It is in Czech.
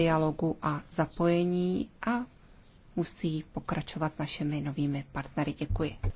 dialogu a zapojení a musí pokračovat s našimi novými partnery. Děkuji.